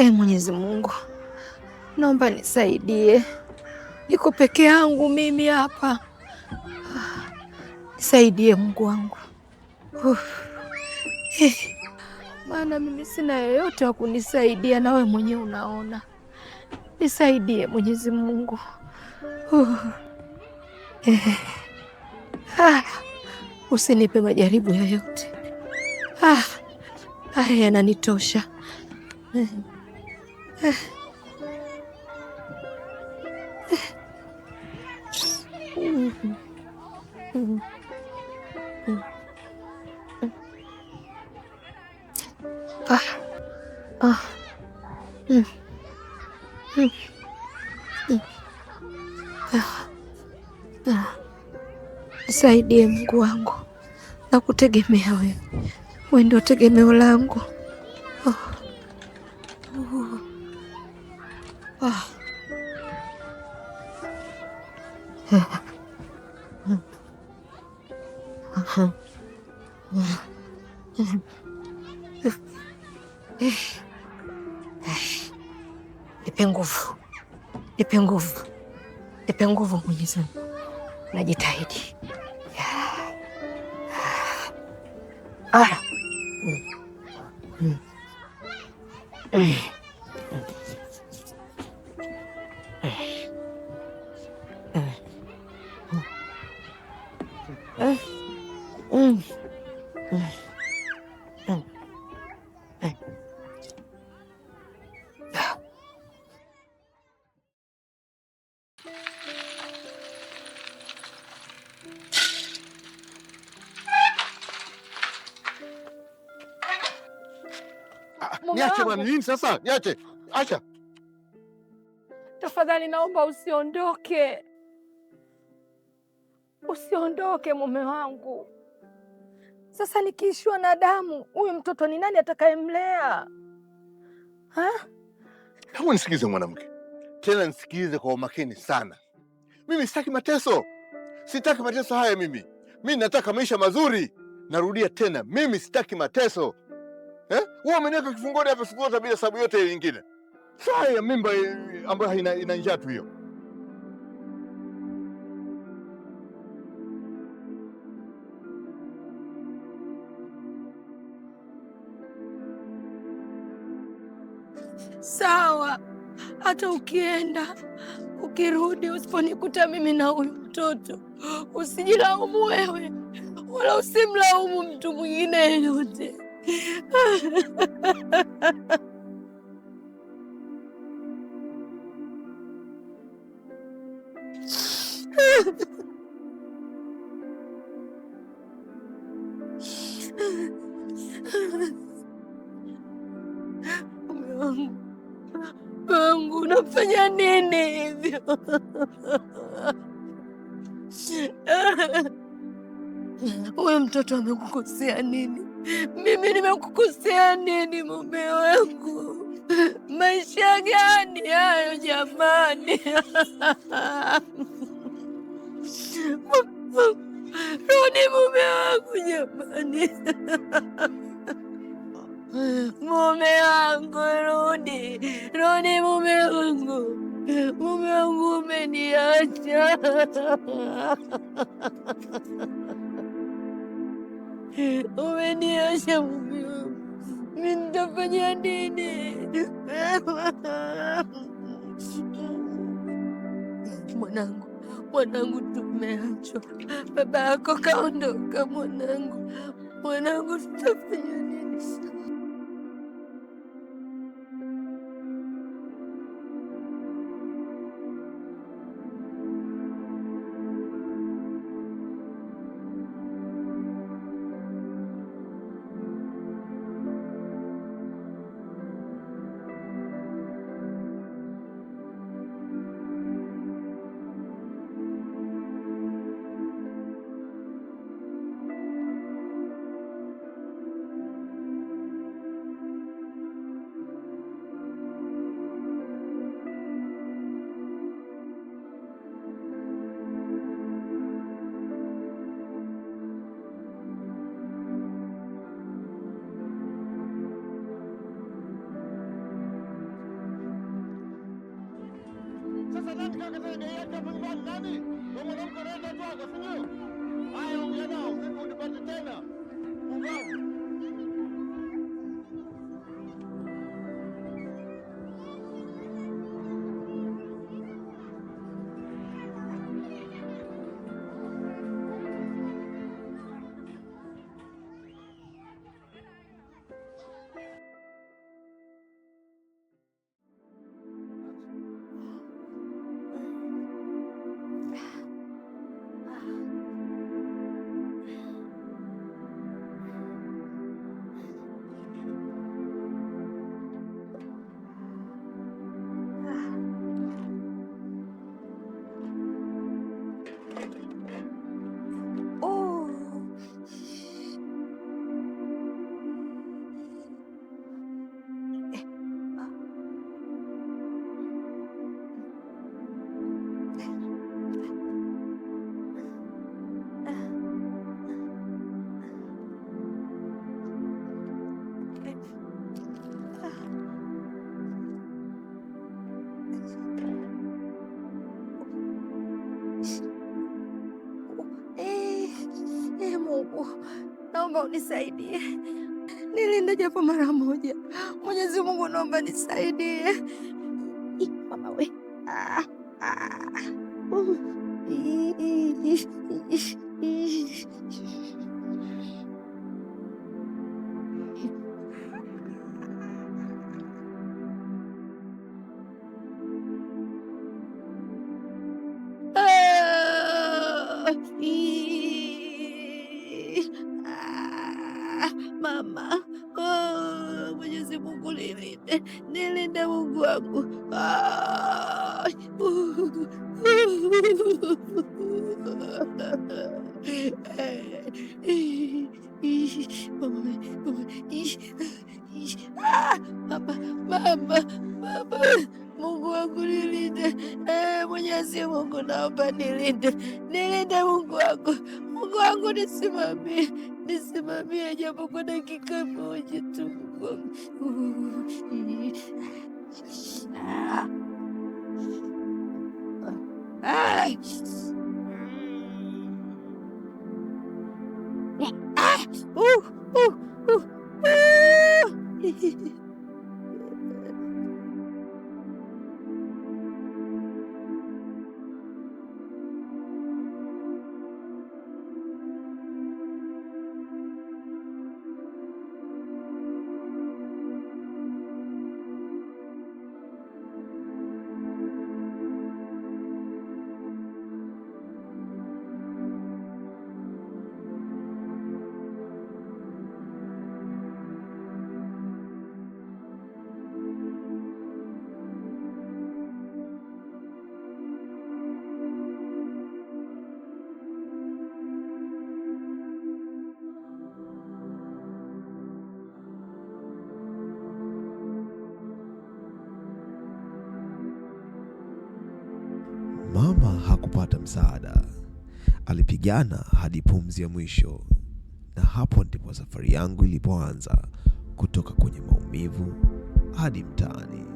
Ee Mwenyezi Mungu, naomba nisaidie, niko peke yangu mimi hapa, nisaidie Mungu wangu eh, maana mimi sina yeyote wa kunisaidia, na wewe mwenyewe unaona. Nisaidie Mwenyezi Mungu eh. ah, usinipe majaribu yoyote. Ah, haya yananitosha. Eh. Ah. Ah. Mungu wangu, nakutegemea wewe, wewe ndio tegemeo langu. Oh. Ah. Nipe nguvu, nipe nguvu, nipe nguvu Mwenyezi Mungu, najitahidi. Ah. Ah, niache bwana, nini sasa? Niache. Acha. Tafadhali naomba usiondoke. Usiondoke mume wangu. Sasa nikiishiwa na damu, huyu mtoto ni nani atakayemlea? Ha? Kama mwanamke. Tena nisikilize kwa umakini sana. Mimi sitaki mateso. Sitaki mateso haya mimi, Mimi nataka maisha mazuri. Narudia tena, mimi sitaki mateso eh? Wewe umeniweka kifungoni hapa siku zote bila sababu yote nyingine, saa ya mimba eh, ambayo ina, ina njaa tu hiyo. Sawa, hata ukienda Ukirudi usiponikuta mimi na huyu mtoto, usijilaumu wewe wala usimlaumu mtu mwingine yeyote. kufanya nini hivyo? Huyu mtoto amekukosea nini? Mimi nimekukosea nini, mume wangu? Maisha gani hayo jamani? Rudi mume wangu jamani. Mume wangu, rudi, rudi mume wangu, mume wangu umeniacha. Umeniacha mume wangu, mimi nitafanya nini? Mwanangu, mwanangu, tumeachwa. Baba yako kaondoka mwanangu, mwanangu, tutafanya Secretary da ya tafi ba na ne don wannan kwanar da zuwa ga sunyo a yau yana hukun da ba ta tana ku babu naomba unisaidie, nilinde japo mara moja. Mwenyezi Mungu, naomba nisaidie mama we. Ah, ah. Mm. nilinde Mungu wangu. Mama, mama, mama, Mungu wangu nilinde. Eh, Mwenyezi Mungu naomba nilinde, nilinde Mungu wangu, Mungu wangu nisimamie, nisimamie japo kwa dakika moja tu. Ah! Ooh! Ooh! Ooh! Mama hakupata msaada, alipigana hadi pumzi ya mwisho, na hapo ndipo safari yangu ilipoanza, kutoka kwenye maumivu hadi mtaani.